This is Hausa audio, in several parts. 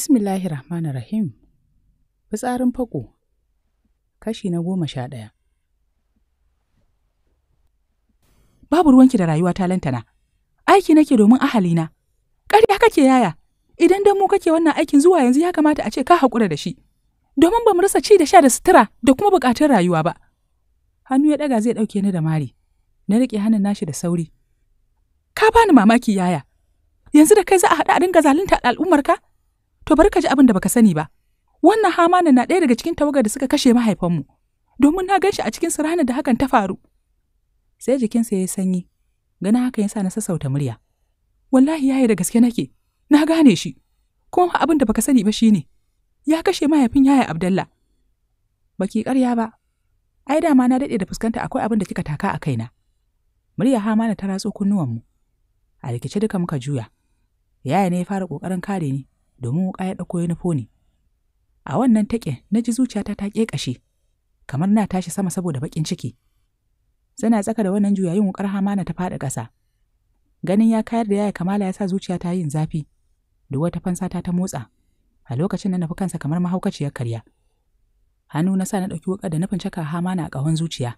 Bismillahi Rahmanir Rahim. Fitsarin fako. Kashi na goma sha ɗaya. Babu ruwanki da rayuwa ta lantana. Aiki nake domin ahalina. Ƙarya kake yaya. Idan dan mu kake wannan aikin zuwa yanzu ya kamata a ce ka haƙura da shi. Domin ba mu rasa ci da sha da sutura da kuma buƙatun rayuwa ba. Hannu ya ɗaga zai ɗauke ni da mari. Na riƙe hannun nashi da sauri. Ka bani mamaki yaya. Yanzu da kai za a haɗa a dinga zalunta al'ummarka? ka? To bari ka ji abin da baka sani ba. Wannan Hamanan na ɗaya daga cikin tawagar da suka kashe mahaifanmu, domin na gan shi a cikin ranar da hakan ta faru. Sai jikinsa ya yi sanyi, ganin hakan sa na sassauta murya. Wallahi yayi da gaske nake, na gane shi. Kuma abin da baka sani ba shine, ya kashe mahaifin yaya Abdallah. Baki ƙarya ba, ai da ma na daɗe da fuskanta akwai abin da kika taka a kaina. Murya Hamana ta ratso kunnuwanmu. A rikice duka muka juya. Yaya ne ya fara ƙoƙarin kare ni, domin wuƙa ya ɗauko yunifo A wannan take na ji zuciyata ta ƙeƙashe, kamar na tashi sama saboda baƙin ciki. Suna tsaka da wannan juyayin wuƙar hamana ta faɗi ƙasa. Ganin ya kayar da yaya kamala ya sa zuciya ta yin zafi, da wata fansa ta ta motsa, a lokacin na fi kansa kamar mahaukaciyar karya. Hannu na sa na ɗauki wuƙar da nufin caka hamana a ƙahon zuciya,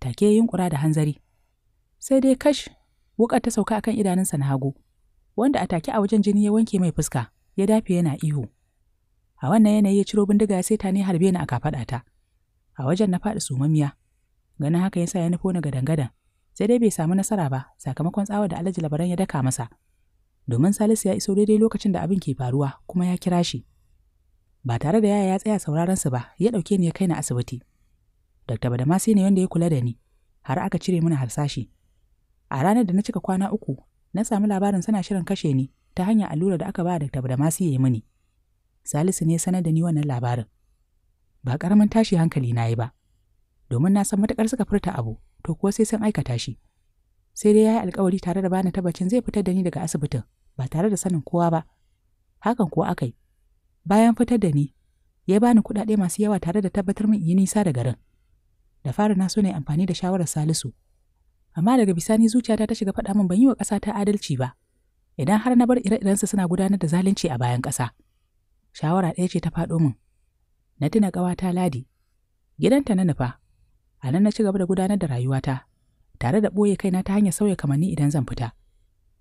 take yunƙura da hanzari. Sai dai kash, wuƙar ta sauka akan idanunsa na hagu, wanda a take a wajen jini ya wanke mai fuska. ya dafe yana ihu. A wannan yanayi ya ciro bindiga sai ta ne harbe ni a kafaɗata. A wajen na faɗi sumamiya Ganin haka ya sa ya nufo ni gadan-gadan. Sai dai bai samu nasara ba sakamakon tsawar da Alhaji Labaran ya daka masa. Domin Salisu ya iso daidai lokacin da abin ke faruwa kuma ya kira shi. Ba tare da yaya ya tsaya sauraron su ba, ya ɗauke ni ya kai ni asibiti. Dr. Badamasi ne wanda ya kula da ni, har aka cire mini harsashi. A ranar da na cika kwana uku, na samu labarin suna shirin kashe ni, ta hanyar allura da aka ba da da masu yi mini. Salisu ne sanar da ni wannan labarin. Ba ƙaramin tashi hankali na yi ba, domin na san matuƙar suka furta abu, to kuwa sai san aikata shi. Sai dai ya yi alkawari tare da bani tabbacin zai fitar da ni daga asibitin ba tare da sanin kowa ba. Hakan kuwa aka yi. Bayan fitar da ni, ya bani kuɗaɗe masu yawa tare da tabbatar min yi nisa da garin. Da fara na so na amfani da shawarar Salisu, amma daga bisani zuciyata ta shiga faɗa min ban yi wa ƙasa ta adalci ba idan har na bar ire-irensu suna gudanar da zalunci a bayan ƙasa. Shawara ɗaya ce ta faɗo min. Na tuna ƙawata Ladi, gidanta na nufa, a nan na ci gaba da gudanar da rayuwata, tare da ɓoye kaina ta hanyar sauya kamanni idan zan fita.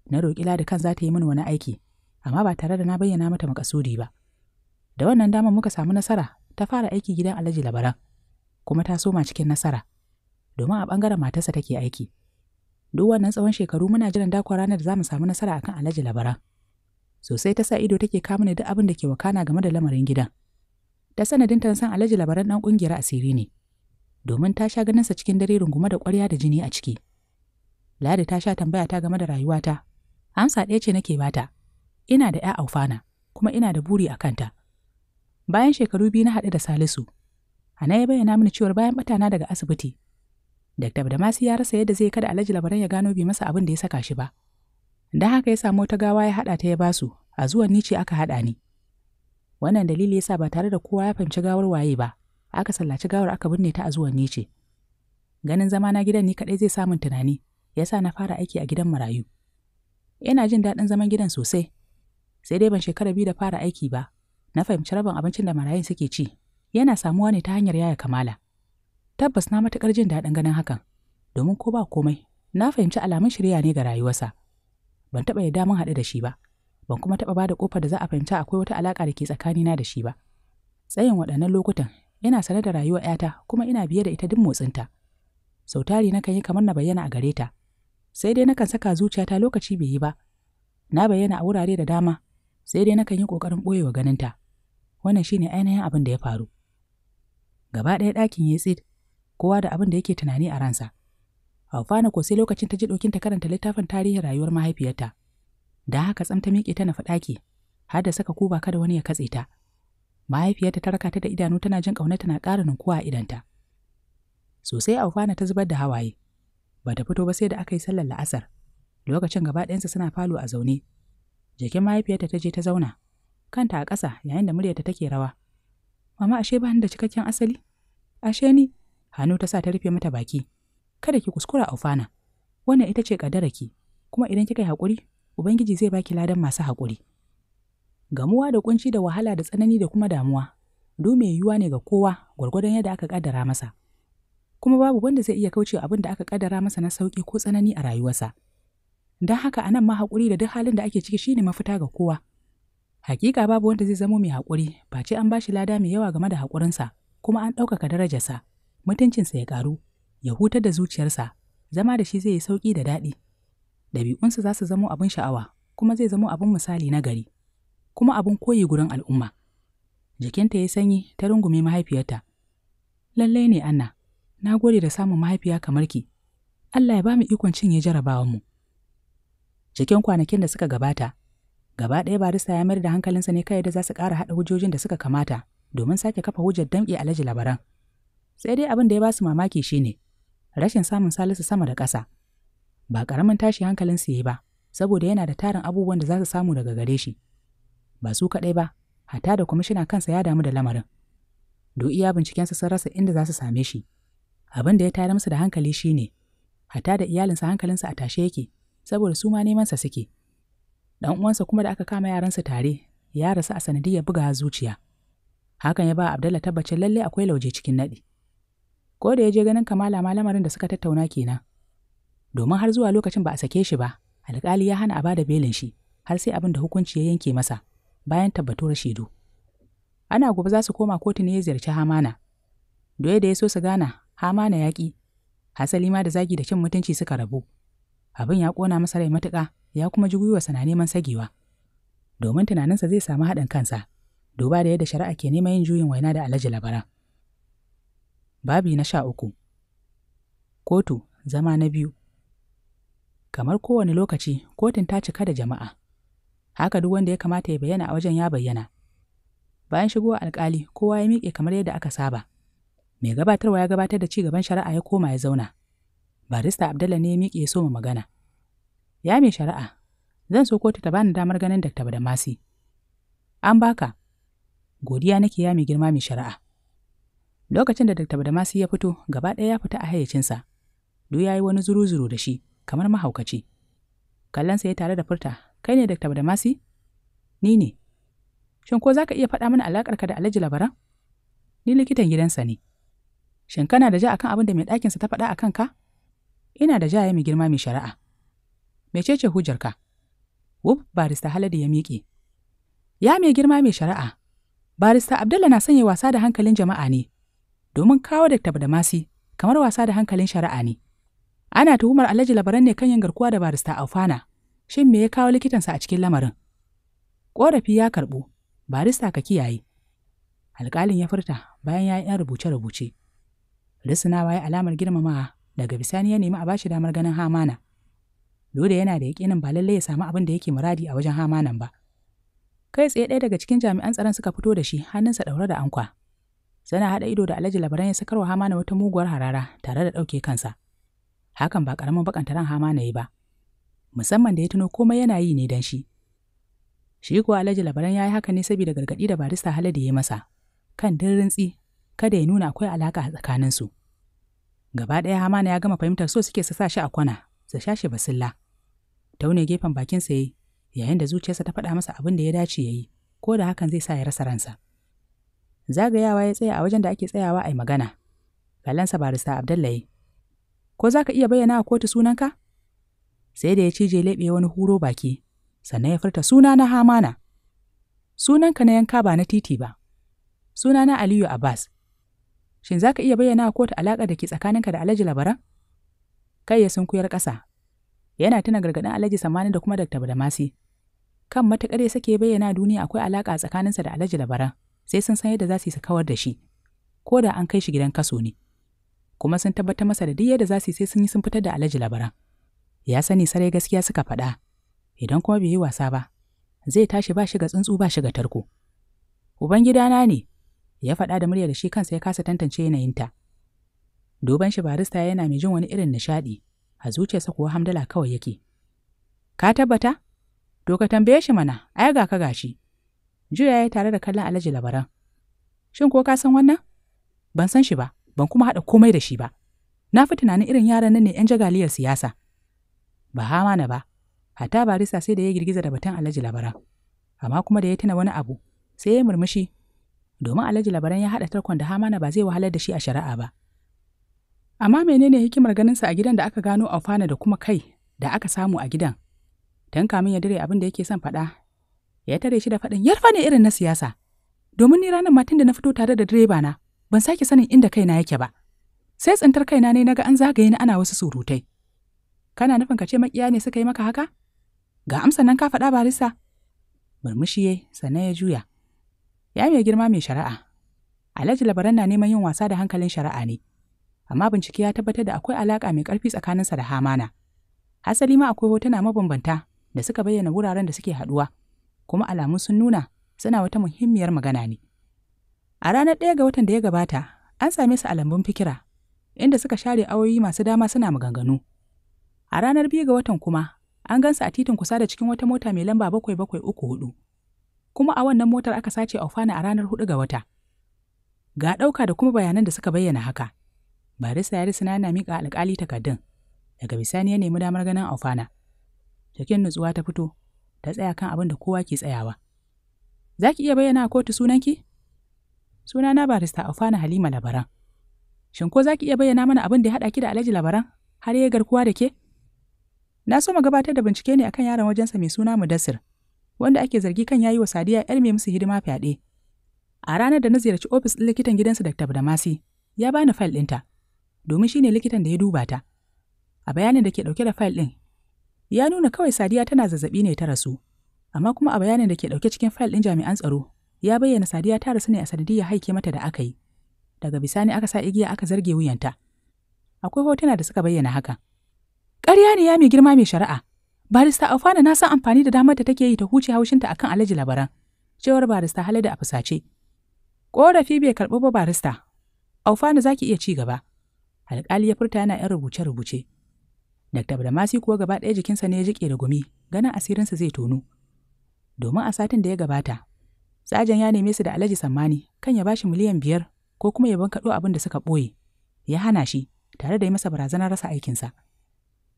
Na roƙi Ladi kan za ta yi min wani aiki, amma ba tare da na bayyana mata makasudi ba. Da wannan damar muka samu nasara ta fara aiki gidan Alhaji Labaran, kuma ta soma cikin nasara, domin a ɓangaren matarsa take aiki. duk wannan tsawon shekaru muna jiran dakon ranar da za mu samu nasara akan alhaji labaran sosai ta sa ido take kama ne duk abin da ke wakana game da lamarin gidan Ta sanadin ta san alhaji labaran dan kungiyar asiri ne domin ta sha ganinsa cikin dare rungume da ƙwarya da jini a ciki ladi ta sha tambaya ta game da rayuwata amsa ɗaya ce nake bata ina da ya aufana kuma ina da buri a kanta bayan shekaru biyu na haɗu da salisu Hana ya bayyana mini cewar bayan ɓatana daga asibiti, Dr. Damasi ya rasa yadda zai kada Alhaji Labaran ya gano bai masa abin da ya saka shi ba. Da haka ya samu ta gawa ya haɗa ta ya basu, a zuwan ni ce aka haɗa ni. Wannan dalili yasa ba tare da kowa ya fahimci gawar waye ba, aka sallaci gawar aka binne ta a zuwan ni ce. Ganin zama na gidan ni kaɗai zai samun tunani, yasa na fara aiki a gidan marayu. Ina jin daɗin zaman gidan sosai, sai dai ban shekara biyu da fara aiki ba, na fahimci rabin abincin da marayun suke ci, yana samuwa ne ta hanyar yaya kamala. Tabbas na matuƙar jin daɗin ganin hakan, domin ko ba komai, na fahimci alamun shirya ne ga rayuwarsa. Ban taɓa yarda mun haɗu da shi ba, ban kuma taɓa ba da ƙofar da za a fahimci akwai wata alaƙa da ke tsakanina da shi ba. Tsayin waɗannan lokutan, ina sane da rayuwar 'yata kuma ina biye da ita duk motsinta. Sau tari kan yi kamar na bayyana a gare ta, sai dai nakan saka zuciyata lokaci bai yi ba. Na bayyana a wurare da dama, sai dai nakan yi ƙoƙarin ɓoyewa ganinta. Wannan shine ainihin abin da ya faru. Gaba ɗaya ɗakin ya kowa da abin da yake tunani a ransa. Aufana ko sai lokacin ta ji ɗokin ta karanta littafin tarihin rayuwar mahaifiyarta. Da haka tsamta miƙe ta na faɗaki, har da saka kuba kada wani ya katse ta. Mahaifiyarta ta raka ta da idanu tana jin ƙauna tana ƙara ninkuwa a idanta. Sosai Aufana ta zubar da hawaye. Ba ta fito ba sai da aka yi sallar la'asar. Lokacin gaba ɗayansa suna falo a zaune. Jikin mahaifiyarta ta je ta zauna, kanta a ƙasa yayin da muryarta take rawa. Mama ashe ba da cikakken asali? Ashe ni Hannu ta sa ta rufe mata baki. Kada ki kuskura aufana. Wannan ita ce ki kuma idan kika yi haƙuri, Ubangiji zai baki ladan masu haƙuri. Gamuwa da kunci da wahala da tsanani da kuma damuwa, du mai yiwuwa ne ga kowa gwargwadon yadda aka kaddara masa. Kuma babu wanda zai iya kauce abin da aka kaddara masa na sauƙi ko tsanani a rayuwarsa. Don haka a nan ma haƙuri da duk halin da ake ciki shine mafita ga kowa. Hakika babu wanda zai zamo mai haƙuri, face an bashi lada mai yawa game da haƙurinsa, kuma an ɗaukaka darajarsa. mutuncinsa ya ƙaru, ya hutar da zuciyarsa, zama da shi zai yi sauƙi da daɗi. Ɗabi'unsa za su zamo abin sha'awa, kuma zai zamo abin misali na gari, kuma abin koyi gurin al'umma. Jikinta ya sanyi ta rungume mahaifiyarta. Lallai ne Anna, na gode da samun mahaifiya kamar ki. Allah ya ba mu ikon cinye mu. Jikin kwanakin da suka gabata, gaba ɗaya barista ya mayar da hankalinsa ne kai da za su ƙara haɗa hujjojin da suka kamata domin sake kafa hujjar damƙe alhaji labaran. sai dai abin da ya ba su mamaki shi ne. rashin samun salisu sama da ƙasa ba ƙaramin tashi hankalin su yi ba saboda yana da tarin abubuwan da za su samu daga gare shi ba su kaɗai ba hatta da kwamishina kansa ya damu da lamarin do iya bincikensa sun rasa inda za su same shi abin da ya tayar musu da hankali shi ne, hatta da iyalinsa hankalinsa a tashe yake saboda su ma nemansa suke dan uwansa kuma da aka kama yaransa tare ya rasu a sanadiyar buga zuciya hakan ya ba abdalla tabbacin lalle akwai lauje cikin naɗi ko da ya je ganin kamala ma lamarin da suka tattauna kenan domin har zuwa lokacin ba a sake shi ba alƙali ya hana a bada belin shi har sai abin da hukunci ya yanke masa bayan tabbatuwar shaidu ana gobe za su koma kotu ne ya ziyarci hamana doye da ya so su gana hamana ya ƙi hasali ma da zagi da cin mutunci suka rabu abin ya ƙona masa rai matuka, ya kuma ji gwiwa sana neman sagewa domin tunaninsa zai samu haɗin kansa duba da yadda shari'a ke neman yin juyin waina da alhaji labaran Babi na sha uku Kotu zama na biyu Kamar kowane lokaci, kotun ta cika da jama'a. Haka duk wanda ya kamata ya bayyana a wajen ya bayyana. Bayan shigowa alkali, kowa ya miƙe kamar yadda aka saba. Mai gabatarwa ya gabatar da ci gaban shari'a ya koma ya zauna. Barista Abdallah ne ya miƙe ya soma magana. Ya mai shari'a, zan so kotu ta bani damar ganin Dr. Badamasi. An baka. Godiya nake ya mai girma mai shari'a. Lokacin da Dr. Badamasi ya fito, gaba ɗaya ya fita a hayyacinsa. Du ya yi wani zuru-zuru da shi, kamar mahaukaci. Kallonsa ya tare da furta, kai ne Dr. Badamasi? Ni ne. Shin ko za ka iya faɗa mana alaƙarka da Alhaji Labaran? Ni likitan gidansa ne. Shin kana da ja akan abin da mai ɗakinsa ta faɗa a kanka? Ina da ja ya mai girma mai shari'a. Mecece hujjarka? Wuf barista Haladu ya miƙe. Ya mai girma mai shari'a, barista Abdullah na sanya wasa da hankalin jama'a ne, domin kawo da Masi kamar wasa da hankalin shari'a ne. Ana tuhumar Alhaji Labaran ne kan yin garkuwa da barista afana shin me ya kawo likitansa a cikin lamarin? Ƙorafi ya karɓu, barista ka kiyaye. Alƙalin ya furta bayan ya yi ‘yan rubuce-rubuce. risina ya alamar girmamawa daga bisani ya nemi a bashi damar ganin Hamana. Dole yana da yaƙinin ba lallai ya samu abin da yake muradi a wajen Hamanan ba. Kai tsaye ɗaya daga cikin jami'an tsaron suka fito da shi hannunsa ɗaure da ankwa. Sana haɗa ido da Alhaji Labaran ya sakarwa na wata muguwar harara tare da ɗauke kansa. Hakan ba ƙaramin bakanta Hama Hamana yi ba. Musamman da ya tuno komai yana yi ne dan shi. Shi kuwa Alhaji Labaran ya yi haka ne saboda gargaɗi da barista da ya masa. Kan din rintsi, kada ya nuna akwai alaka a tsakaninsu. Gaba ɗaya Hamana ya gama fahimtar so suke su sa shi a kwana, su sha shi basilla. Taune gefen bakinsa yayi, yayin da zuciyarsa ta faɗa masa abin da ya dace ya yi, ko da hakan zai sa ya rasa ransa. zagayawa ya tsaya a wajen da ake tsayawa a yi magana kallonsa barista abdullahi ko za ka iya bayyana a kotu sunanka sai da ya cije leɓe wani huro baki sannan ya furta suna na hamana sunanka na yanka ba na titi ba suna na aliyu abbas shin za ka iya bayyana a kotu alaƙar da ke tsakaninka da alhaji labaran kai ya sunkuyar ƙasa yana tuna gargaɗin alhaji samani da kuma dakta badamasi kan matuƙar ya sake bayyana duniya akwai alaƙa tsakaninsa da alhaji labaran sai sun san yadda za su yi su kawar da shi ko da an kai shi gidan kaso ne kuma sun tabbatar masa da duk yadda za su yi sai sun yi sun fitar da alhaji labaran ya sani sarai gaskiya suka faɗa idan kuma bai yi wasa ba zai tashi ba shi ga tsuntsu ba shi ga tarko ubangidana ne ya faɗa da murya da shi kansa ya kasa tantance yanayinta duban shi barista yana mai jin wani irin nishaɗi a zuciyarsa kuwa hamdala kawai yake ka tabbata to ka tambaye shi mana ai ga ka gashi Juya ya tare da kallon Alhaji Labaran. Shin ko ka san wannan? Ban san shi ba, ban kuma haɗa komai da shi ba. Na fi tunanin irin yaran nan ne 'yan jagaliyar siyasa. Ba hama na ba, hatta barista sai da ya girgiza da batun Alhaji Labaran. Amma kuma da ya tuna wani abu, sai ya murmushi domin Alhaji Labaran ya haɗa tarkon da Hamana ba zai wahalar da shi a shari'a ba. Amma menene hikimar ganin sa a gidan da aka gano amfana da kuma kai da aka samu a gidan? Don kamin ya dire abin da yake son faɗa, ya tare shi da faɗin yarfa ne irin na siyasa domin ni ranar matan da na fito tare da direba na ban sake sanin inda kaina yake ba sai tsintar kaina ne naga an zagaye ni ana wasu surutai kana nufin ka ce makiya ne suka yi maka haka ga amsa nan ka faɗa barista murmushi ye sannan ya juya ya mai girma mai shari'a alhaji labaran na neman yin wasa da hankalin shari'a ne amma bincike ya tabbatar da akwai alaƙa mai ƙarfi tsakaninsa da hamana hasali ma akwai hotuna mabambanta da suka bayyana wuraren da suke haɗuwa kuma alamun sun nuna suna wata muhimmiyar magana ne. A ranar ɗaya ga watan da ya gabata, an same su a lambun fikira, inda suka share awoyi masu dama suna maganganu. A ranar biyu ga watan kuma, an gansu a titin kusa da cikin wata mota mai lamba bakwai bakwai uku hudu. Kuma a wannan motar aka sace Aufana a ranar hudu ga wata. Ga ɗauka da kuma bayanan da suka bayyana haka. Barista ya risa na miƙa alƙali takardun. Daga bisani ya nemi damar ganin Aufana. Cikin nutsuwa ta fito, ta tsaya kan abin da kowa ke tsayawa. Za ki iya bayyana a kotu sunanki? na barista Afana Halima Labaran. Shin ko za ki iya bayyana mana abin da ya haɗa ki da Alhaji Labaran har ya garkuwa da ke? Na so mu gabatar da bincike ne akan yaron wajensa mai suna Mudassir, wanda ake zargi kan yayi wa Sadiya ƴar mai musu hidima fyaɗe. A ranar da na ziyarci ofis ɗin likitan gidansa Dr. Badamasi, ya bani fayil ɗinta, domin shi ne likitan da ya duba ta. A bayanin da ke ɗauke da fayil ɗin, ya nuna kawai Sadiya tana zazzabi ne ta rasu, amma kuma a bayanin da ke ɗauke cikin fayil ɗin jami'an tsaro ya bayyana Sadiya ta rasu ne a sanadiyar haike mata da aka yi. Daga bisani aka sa igiya aka zarge wuyanta. Akwai hotuna da suka bayyana haka. Ƙarya ne ya mai girma mai shari'a. Barista Aufana na san amfani da damar da take yi ta huce haushinta akan alaji Labaran. Cewar barista Halada a fusace. Ƙorafi bai karɓi ba barista. Aufana za ki iya ci gaba. Alƙali ya furta yana 'yan rubuce-rubuce. Dr. Badamasi kuwa gaba ɗaya jikinsa ne ya jiƙe da gumi, ganin asirinsa zai tono. Domin a satin da ya gabata, Sajan ya neme su da Alhaji Sammani kan ya ba shi miliyan biyar ko kuma ya bankaɗo abin da suka ɓoye. Ya hana shi tare da yi masa barazanar rasa aikinsa.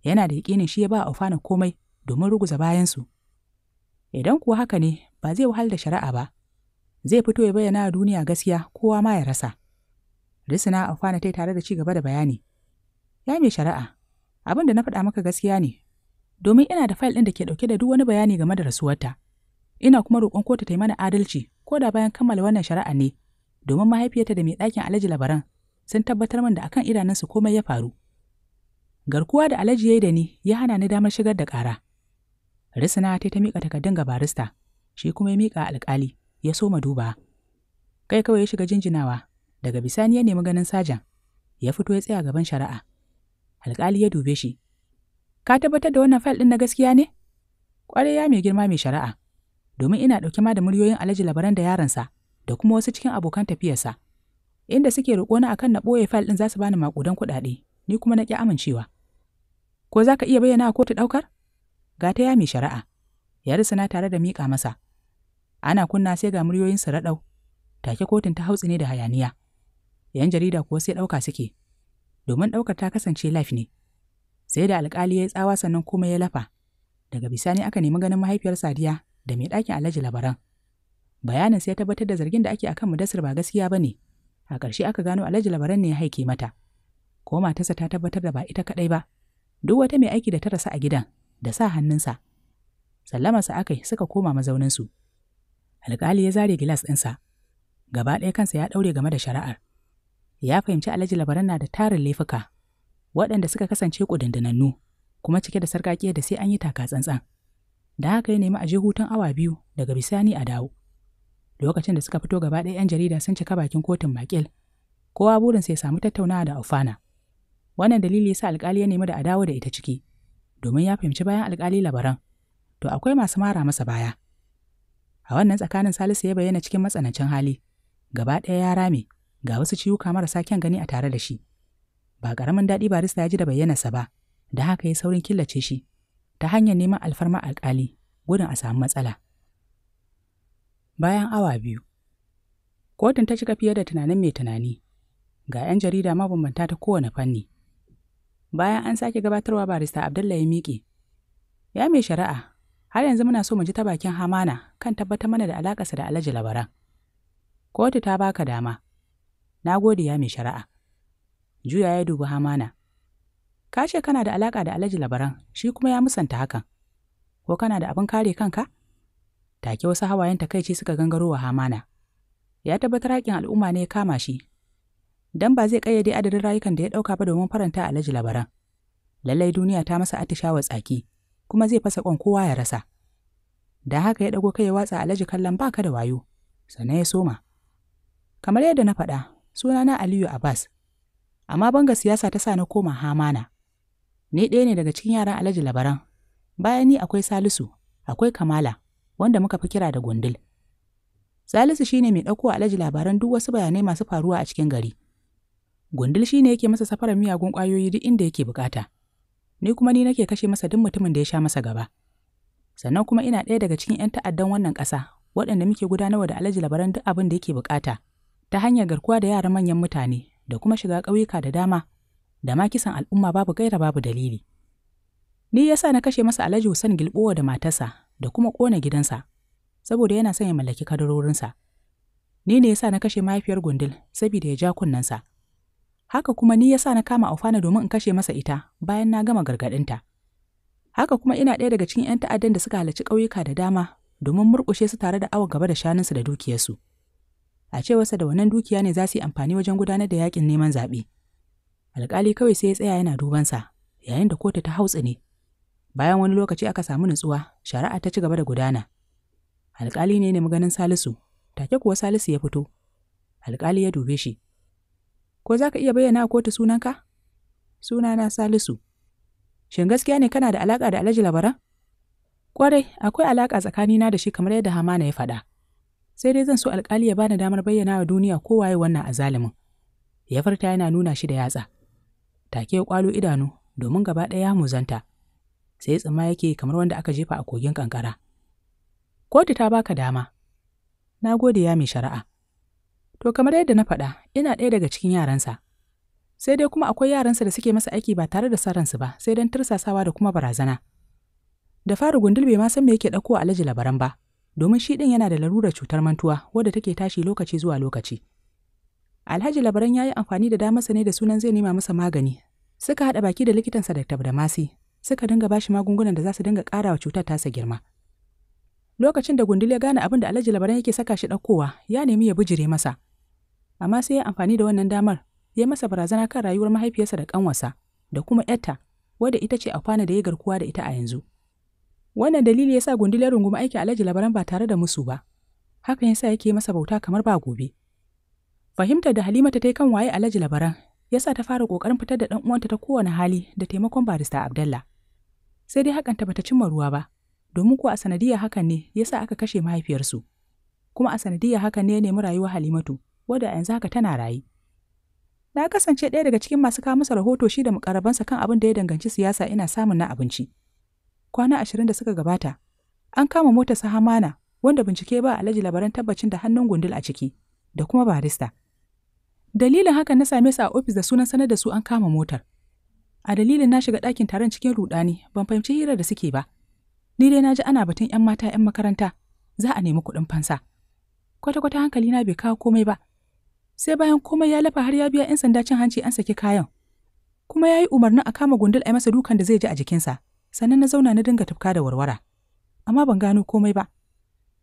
Yana da yaƙinin shi ya ba ofana komai domin ruguza bayansu. Idan kuwa haka ne ba zai wahal da shari'a ba. Zai fito ya bayyana a duniya gaskiya kowa ma ya rasa. Risina ofana ta tare da ci gaba da bayani. Ya mai shari'a, abin da na faɗa maka gaskiya ne domin ina da fayil ɗin da ke ɗauke da duk wani bayani game da rasuwarta ina kuma roƙon kotu ta yi mana adalci ko da bayan kammala wannan shari'a ne domin mahaifiyarta da mai ɗakin alhaji labaran sun tabbatar min da akan idanunsu komai ya faru garkuwa da alhaji yayi da ni ya hana ni damar shigar da ƙara risina ta ta miƙa takardun ga barista shi kuma ya miƙa alƙali ya so ma duba kai kawai ya shiga jinjinawa daga bisani ya nemi ganin sajan ya fito ya tsaya gaban shari'a Alƙali ya dube shi. Ka tabbatar da wannan fayil ɗin na gaskiya ne? ya mai girma mai shari'a. Domin ina ɗauke ma da muryoyin Alhaji labaran da yaransa da kuma wasu cikin abokan tafiyarsa. Inda suke roƙo na akan na ɓoye fayil ɗin za su bani maƙudan kuɗaɗe, ni kuma na ƙi amincewa. Ko za ka iya bayyana a kotu ɗaukar? Gata ya mai shari'a. Ya na tare da miƙa masa. Ana kunna sai ga muryoyin su raɗau. Take kotun ta hautsi ne da hayaniya. 'Yan jarida kuwa sai ɗauka suke. domin ɗaukar ta kasance life ne. Sai da alƙali ya yi tsawa sannan komai ya lafa. Daga bisani aka nemi ganin mahaifiyar Sadiya da mai ɗakin Alhaji Labaran. Bayanin sai ya tabbatar da zargin da ake akan Mudassir ba gaskiya ba ne. A ƙarshe aka gano Alhaji Labaran ne ya haike mata. Ko matarsa ta tabbatar da ba ita kaɗai ba. Duk wata mai aiki da ta rasa a gidan da sa hannunsa. Sallamarsa aka yi suka koma mazauninsu. Alkali ya zare gilas ɗinsa. Gaba ɗaya kansa ya ɗaure game da shari'ar. ya fahimci Alhaji Labaran na da tarin laifuka waɗanda suka kasance ƙudundunannu kuma cike da sarƙaƙiya da sai an yi taka tsantsan. Da haka ya nemi a je hutun awa biyu daga bisani a dawo. Lokacin da suka fito gaba ɗaya 'yan jarida sun cika bakin kotun makil, kowa burinsa ya samu tattaunawa da alfana. Wannan dalili yasa alƙali ya nemi da a dawo da ita ciki, domin ya fahimci bayan alƙali labaran, to akwai masu mara masa baya. A wannan tsakanin Salisu ya bayyana cikin matsanancin hali, gaba ɗaya ya rame, ga wasu ciwuka marasa kyan gani a tare da shi ba ƙaramin daɗi barista ya ji da bayyanarsa ba da haka ya saurin killace shi ta hanyar neman alfarma alkali gudun a samu matsala bayan awa biyu kotun ta cika fiye da tunanin mai tunani ga 'yan jarida mabambanta ta kowane fanni bayan an sake gabatarwa barista abdullahi ya miƙe ya mai shari'a har yanzu muna so mu ji ta bakin hamana kan tabbatar mana da alakarsa da alhaji labaran kotu ta baka dama Na gode ya mai shari'a. Juya ya dubi Hamana. Ka ce kana da alaƙa da Alhaji Labaran, shi kuma ya musanta hakan. Ko kana da abin kare kanka? Take wasu hawayen takaici suka gangaro wa Hamana. Ya tabbatar haƙin al'umma ne ya kama shi. Dan ba zai ƙayyade adadin rayukan da ya ɗauka ba domin faranta Alhaji Labaran. lallai duniya ta masa atishawa tsaki kuma zai fasa kwan kowa ya rasa da haka ya ɗago kai ya watsa alaji kallon ba ka da wayo sannan ya soma kamar yadda na faɗa sunana Aliyu Abbas, amma banga siyasa ta sa na koma Hamana. Ni ɗaya ne daga cikin yaran Alhaji Labaran, bayan ni akwai Salisu, akwai Kamala, wanda muka fi kira da Gundul. Salisu shi ne mai ɗauko Alhaji Labaran duk wasu bayanai masu faruwa a cikin gari. Gundul ne yake masa safarar miyagun ƙwayoyi duk inda yake bukata. Ni kuma ni nake kashe masa duk mutumin da ya sha masa gaba. Sannan kuma ina ɗaya daga cikin 'yan ta'addan wannan ƙasa waɗanda muke gudanarwa da Alhaji Labaran duk abin da yake bukata. ta hanyar garkuwa da yaran manyan mutane da kuma shiga ƙauyuka da dama da ma kisan al'umma babu gaira babu dalili. Ni ya sa na kashe masa Alhaji Hussein Gilbowa da matarsa da kuma ƙona gidansa, saboda yana son ya mallaki kadarorinsa. Ni ne ya sa na kashe mahaifiyar gundul saboda ya ja kunnensa. Haka kuma ni ya sa na kama Aufana domin in kashe masa ita bayan na gama gargaɗinta. Haka kuma ina ɗaya daga cikin 'yan ta'addan da suka halarci ƙauyuka da dama domin murƙushe su tare da awon gaba da shanunsu da dukiyarsu. a cewarsa da wannan dukiya ne za su yi amfani wajen gudanar da yakin neman zaɓe. Alƙali kawai sai ya tsaya yana dubansa, yayin da kotu ta hautsi ne. Bayan wani lokaci aka samu nutsuwa, shari'a ta ci gaba da gudana. Alƙali ne nemi ganin Salisu, take kuwa Salisu ya fito. Alƙali ya dube shi. Ko za ka iya bayyana a kotu sunanka? Sunana Salisu. Shin gaskiya ne kana da alaƙa da Alhaji Labaran? Kwarai, akwai alaƙa tsakanina da shi kamar yadda Hamana ya faɗa. sai dai zan so alkali ya bani damar bayyana wa duniya ko waye wannan azalimin ya farta yana nuna shi da yatsa take ya kwalo idanu domin gaba ɗaya ya muzanta sai tsima yake kamar wanda aka jefa a kogin kankara kotu ta baka dama na gode ya mai shari'a to kamar yadda na faɗa ina ɗaya daga cikin yaransa sai dai kuma akwai yaransa da suke masa aiki ba tare da saransu ba sai don tirsasawa da kuma barazana da fara gundul bai ma san me yake ɗauko alhaji labaran ba domin shi ɗin yana da larurar cutar mantuwa wadda take tashi lokaci zuwa lokaci. Alhaji Labaran ya yi amfani da damarsa ne da sunan zai nema masa magani. Suka haɗa baki da likitansa Dr. masi suka dinga bashi magungunan da za su dinga ƙara wa cutar tasa girma. Lokacin da Gundul ya gane abin da Alhaji Labaran yake saka shi ɗaukowa, ya nemi ya bijire masa. Amma sai ya amfani da wannan damar, ya masa barazana kan rayuwar mahaifiyarsa da ƙanwarsa da kuma ‘yarta, wadda ita ce a kwana da ya garkuwa da ita a yanzu. Wannan dalili ya sa gundule rungumi aiki Alhaji Labaran ba tare da musu ba. Hakan ya sa yake masa bauta kamar ba gobe. Fahimtar da Halima ta yi kan waye Alhaji Labaran ya sa ta fara ƙoƙarin fitar da ɗan uwanta ta kowane hali da taimakon barista Abdallah. Sai dai hakan ta bata cimma ruwa ba, domin ko a sanadiyar hakan ne ya sa aka kashe mahaifiyarsu. Kuma a sanadiyar hakan ne ya nemi rayuwar Halimatu, wadda a yanzu haka tana rayu. Na kasance ɗaya daga cikin masu kawo masa rahoto shi da mukarabansa kan abin da ya danganci siyasa ina samun na abinci. kwana ashirin da suka gabata an kama motar Hamana, wanda bincike ba alhaji labaran tabbacin da hannun gundul a ciki da kuma barista dalilin haka na same su a ofis da sunan sanar da su an kama motar a dalilin na shiga ɗakin taron cikin rudani ban fahimci hirar da suke ba ni dai na ji ana batun 'yan mata 'yan makaranta za a nemi kuɗin fansa kwata-kwata hankali na bai kawo komai ba sai bayan komai ya lafa har ya biya 'yan sanda cin hanci an saki kayan kuma ya yi umarnin a kama gundul a masa dukan da zai ji a jikinsa sannan na zauna na dinga tufka da warwara amma ban gano komai ba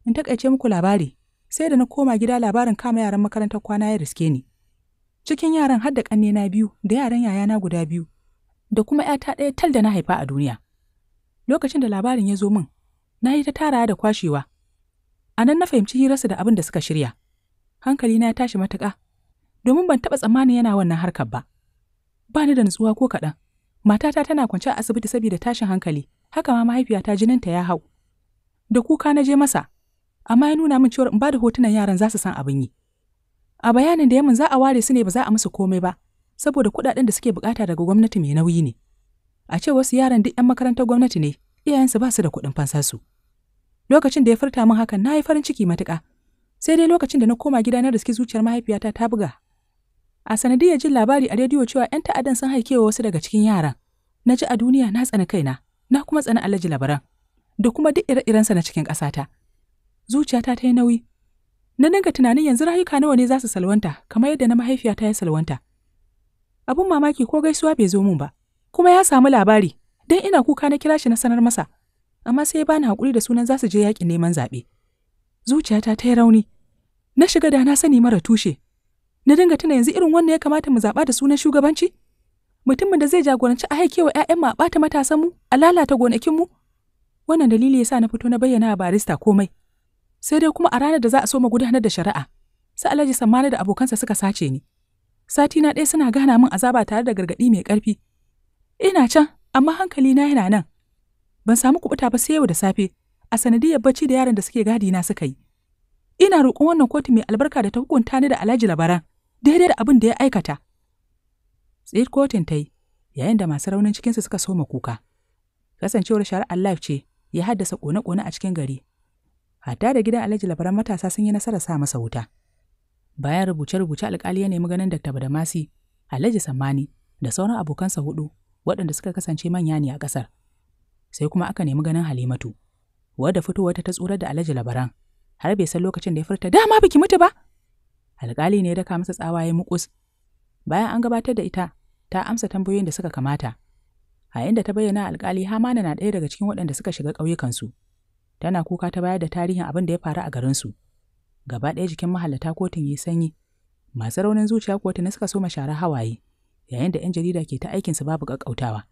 in takaice muku labari sai da na koma gida labarin kama yaran makarantar kwana ya riske ni cikin yaran har da na biyu da yaran yayana guda biyu da kuma ‘yata ɗaya tal da na haifa a duniya lokacin da labarin ya zo min na yi ta tara da kwashewa a nan na fahimci hirarsa da abin da suka shirya hankali na ya tashi matuƙa domin ban taɓa tsammanin yana wannan harkar ba ba ni da nutsuwa ko kaɗan matata tana kwance a asibiti saboda tashin hankali haka ma mahaifiyata jininta ya hau da kuka na je masa amma ya nuna min cewa in ba da hotunan yaran za su san abin yi a bayanin da ya min za a ware su ne ba za a musu komai ba saboda kuɗaɗen da suke bukata daga gwamnati mai nauyi ne a ce wasu yaran duk 'yan makarantar gwamnati ne iyayensu ba su da kuɗin fansasu lokacin da ya furta min hakan na yi farin ciki matuƙa sai dai lokacin da na koma gida na riski zuciyar mahaifiyata ta buga A sanadiyar jin labari a rediyo cewa 'yan ta'addan sun haikewa wasu daga cikin yaran. Na ji a duniya na tsani kaina, na kuma tsani Alhaji Labaran, da kuma duk ire-irensa na cikin ƙasata. Zuciyata ta yi nauyi. Na dinga tunanin yanzu rayuka nawa ne za su salwanta kamar yadda na mahaifiyata ya salwanta. abun mamaki ko gaisuwa bai zo mun ba, kuma ya samu labari, don ina kuka na kira shi na sanar masa, amma sai ya bani haƙuri da sunan za su je yaƙin neman zaɓe. Zuciyata ta yi rauni, na shiga da na sani mara tushe, na dinga tuna yanzu irin wannan ya kamata mu zaɓa da sunan shugabanci mutumin da zai jagoranci a haikewa ‘ya'yan mu a ɓata matasan mu a lalata gonakin mu wannan dalili sa na fito na bayyana a barista komai sai dai kuma a ranar da za a so mu gudanar da shari'a sai Alhaji Sammani da abokansa suka sace ni sati na ɗaya suna gana min azaba tare da gargaɗi mai ƙarfi ina can amma hankali na yana nan ban samu kuɓuta ba sai yau da safe a sanadiyar bacci da yaran da suke gadi na suka yi ina roƙon wannan kotu mai albarka da ta hukunta ni da Alhaji Labaran daidai da abin da ya aikata. Tsit kotun ta yi, yayin da masu raunin cikinsu suka soma kuka. Kasancewar shari'ar life ce ya haddasa ƙone-ƙone a cikin gari. Hatta da gidan Alhaji labaran matasa sun yi nasarar sa masa wuta. Bayan rubuce-rubuce alƙali ya nemi ganin Dr. Badamasi, Alhaji Sammani da sauran abokansa hudu waɗanda suka kasance manya ne a ƙasar. Sai kuma aka nemi ganin Halimatu, wadda fitowarta ta tsurar da Alhaji labaran har bai san lokacin da ya furta dama biki mutu ba alƙali ne ya daka masa tsawaye ya muƙus bayan an gabatar da ita ta amsa tambayoyin da suka kamata a inda ta bayyana alƙali hamana na ɗaya daga cikin waɗanda suka shiga ƙauyukansu tana kuka ta bayar da tarihin abin da ya faru a garinsu gaba ɗaya jikin mahallata kotun ya sanyi masu raunin zuciya kuwa na suka soma shara hawaye yayin da 'yan jarida ke ta aikinsu babu ƙaƙƙautawa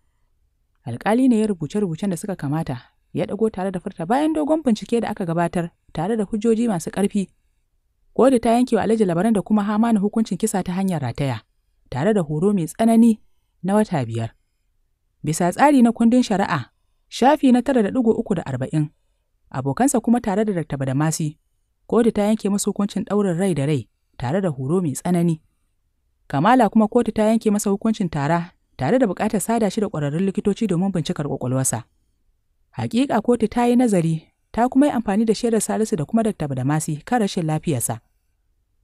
alƙali ne ya rubuce rubucen da suka kamata ya ɗago tare da furta bayan dogon bincike da aka gabatar tare da hujjoji masu ƙarfi kotu ta yanke wa Alhaji labaran da kuma hamana hukuncin kisa ta hanyar rataya, tare da horo mai tsanani na wata biyar. Bisa tsari na kundin shari'a, shafi na tara da ɗigo uku da arba'in, abokansa kuma tare da da masi kotu ta yanke masa hukuncin ɗaurin rai da rai tare da horo mai tsanani. Kamala kuma kotu ta yanke masa hukuncin tara tare da buƙatar sada shi da ƙwararrun likitoci domin bincikar ƙwaƙwalwarsa. Hakika kotu ta yi nazari ta kuma yi amfani da shaidar Salisu da kuma Dr. Badamasi kan rashin lafiyarsa.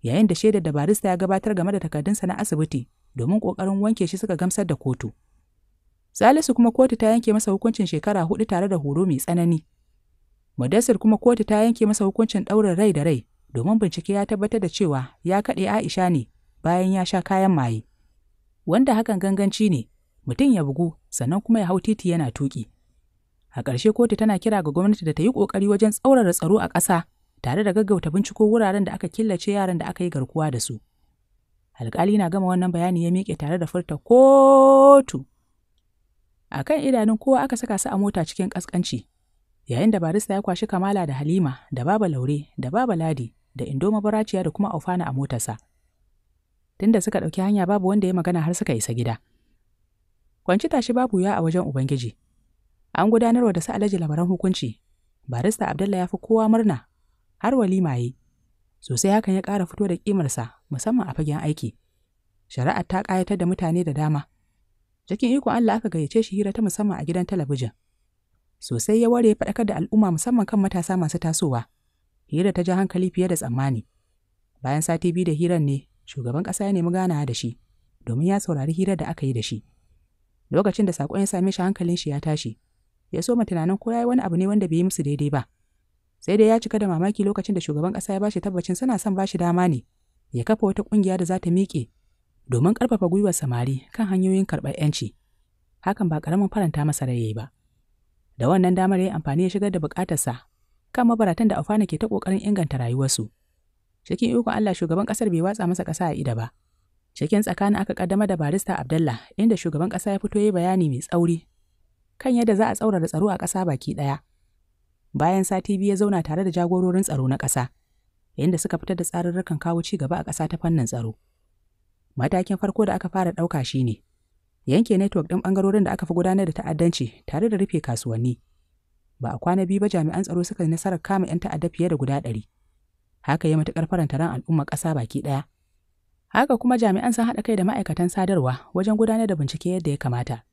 Yayin da shaidar da barista ya gabatar game da takardunsa na asibiti domin ƙoƙarin wanke shi suka gamsar da kotu. Salisu kuma kotu ta yanke masa hukuncin shekara hudu tare da horo mai tsanani. Mudassir kuma kotu ta yanke masa hukuncin ɗaurin rai da rai domin bincike ya tabbatar da cewa ya kaɗe Aisha ne bayan ya sha kayan maye. Wanda hakan ganganci ne, mutum ya bugu sannan kuma ya hau titi yana tuƙi. A ƙarshe kotu tana kira ga gwamnati da ta yi ƙoƙari wajen tsaurara tsaro a ƙasa tare da gaggauta binciko wuraren da aka killace yaran da aka yi garkuwa da su. Alƙali na gama wannan bayani ya miƙe tare da furta kotu. A kan idanun kowa aka saka su a mota cikin ƙasƙanci, yayin da barista ya kwashi Kamala da Halima da Baba Laure da Baba Ladi da indomi Baraciya da kuma Aufana a motarsa. tun da suka ɗauki hanya babu wanda ya magana har suka isa gida. Kwanci tashi babu ya a wajen Ubangiji, An gudanarwa da su alaji labaran hukunci, barista Abdullahi ya fi kowa murna, har walima yi. Sosai hakan ya ƙara fito da ƙimarsa musamman a fagen aiki. Shari'ar ta ƙayatar da mutane da dama. Cikin ikon Allah aka gayyace shi hira ta musamman a gidan talabijin. Sosai ya ware faɗakar da al'umma musamman kan matasa masu tasowa. Hira ta ja hankali fiye da tsammani. Bayan sati biyu da hiran ne, shugaban ƙasa ya nemi ganawa da shi, domin ya saurari hirar da aka yi da shi. Lokacin da saƙon ya same shi hankalin shi ya tashi, ya soma tunanin ko ya wani abu ne wanda bai yi musu daidai ba sai dai ya cika da mamaki lokacin da shugaban ƙasa ya bashi tabbacin suna son bashi dama ne ya kafa wata ƙungiya da za ta miƙe domin ƙarfafa gwiwar samari kan hanyoyin karɓar 'yanci hakan ba ƙaramin faranta masa rai ba da wannan damar ya yi amfani ya shigar da buƙatarsa kan mabaratan da Afana ke ta ƙoƙarin inganta rayuwarsu cikin ikon Allah shugaban ƙasar bai watsa masa ƙasa a ida ba cikin tsakanin aka kaddama da barista Abdallah inda shugaban ƙasa ya fito ya bayani mai tsauri kan yadda za a tsaurara tsaro a ƙasa baki ɗaya. Bayan sati biyu ya zauna tare da jagororin tsaro na ƙasa, da suka fitar da tsarurrukan kawo ci gaba a ƙasa ta fannin tsaro. Matakin farko da aka fara ɗauka shi ne, yanke network ɗin ɓangarorin da aka fi gudanar da ta'addanci tare da rufe kasuwanni. Ba a kwana biyu ba jami'an tsaro suka yi nasarar kama 'yan ta'adda fiye da guda ɗari. Haka ya matuƙar faranta ran al'umma ƙasa baki ɗaya. Haka kuma jami'an sun haɗa kai da ma'aikatan sadarwa wajen gudanar da bincike yadda ya kamata.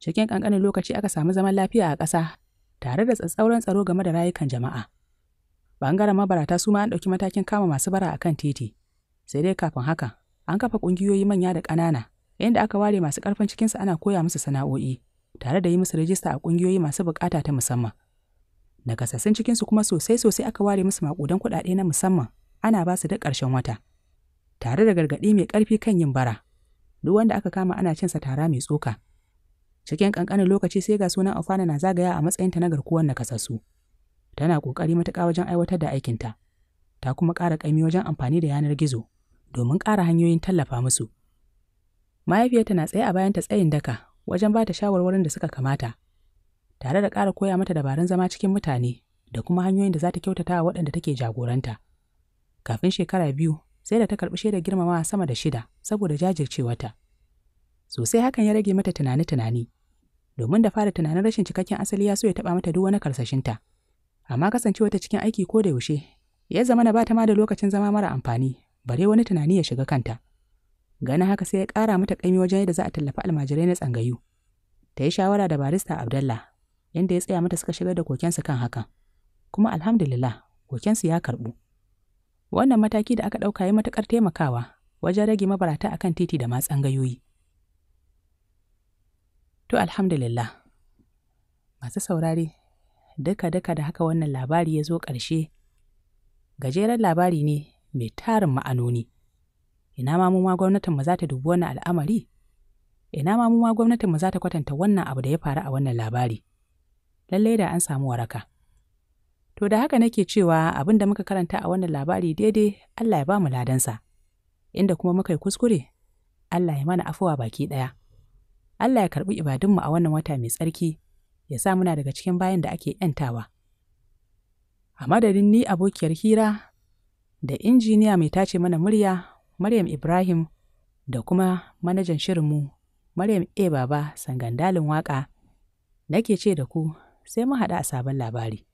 cikin ƙanƙanin lokaci aka samu zaman lafiya a ƙasa tare da tsatsauran tsaro game da rayukan jama'a. Bangaren mabarata su ma an ɗauki matakin kama masu bara a kan titi, sai dai kafin haka an kafa ƙungiyoyi manya da ƙanana inda aka ware masu ƙarfin cikinsu ana koya musu sana'o'i tare da yi musu rajista a ƙungiyoyi masu buƙata ta musamman. Nagasassun cikinsu kuma sosai sosai aka ware musu maƙudan kuɗaɗe na musamman ana ba su duk ƙarshen wata. Tare da gargaɗi mai ƙarfi kan yin bara, duk wanda aka kama ana cinsa tara mai tsoka. cikin kankanin lokaci sai ga sunan Afana na zagaya a matsayinta na garkuwar nakasassu. Tana ƙoƙari matuƙa wajen aiwatar da aikinta, ta kuma ƙara ƙaimi wajen amfani da yanar gizo domin ƙara hanyoyin tallafa musu. Mahaifiyarta na tsaye a bayan ta tsayin daka wajen ba ta shawarwarin da suka kamata, tare da ƙara koya mata dabarun zama cikin mutane da kuma hanyoyin da za ta kyautata wa waɗanda take jagoranta. Kafin shekara biyu, sai da ta karɓi shaida girmamawa sama da shida saboda jajircewarta. Sosai hakan ya rage mata tunani-tunani. domin da fara tunanin rashin cikakken asali ya so ya taɓa mata duk wani karsashinta. Amma kasancewa ta cikin aiki ko da yaushe, ya zama na bata ma da lokacin zama mara amfani, bare wani tunani ya shiga kanta. Ganin haka sai ya ƙara mata ƙaimi wajen yadda za a tallafa almajirai na tsangayu. Ta yi shawara da barista Abdallah, yadda ya tsaya mata suka shigar da kokensu kan hakan. Kuma alhamdulillah, kokensu ya karɓu. Wannan mataki da aka ɗauka ya matuƙar taimakawa wajen rage mabarata akan titi da ma tsangayoyi. To alhamdulillah. Masu saurari duka-duka da haka wannan labari ya zo ƙarshe, gajeren labari ne mai tarin ma'anoni. Ina ma ma gwamnatinmu za ta dubi wannan al'amari? Ina ma mu ma gwamnatinmu za ta kwatanta wannan abu da ya faru a wannan labari? Lallai da an samu waraka. To da haka nake cewa abin da muka karanta a wannan labari daidai Allah ya ba mu ladansa, inda kuma muka yi kuskure, Allah ya mana afuwa baki ɗaya. Allah ya karɓi ibadunmu a wannan wata mai tsarki, ya sa muna daga cikin bayan da ake ‘yantawa. A madadin ni abokiyar hira da injiniya mai tace mana murya, Maryam Ibrahim da kuma manajan shirinmu, Maryam A. Baba Sangandalin Waƙa, nake ce da ku sai mu haɗa a sabon labari.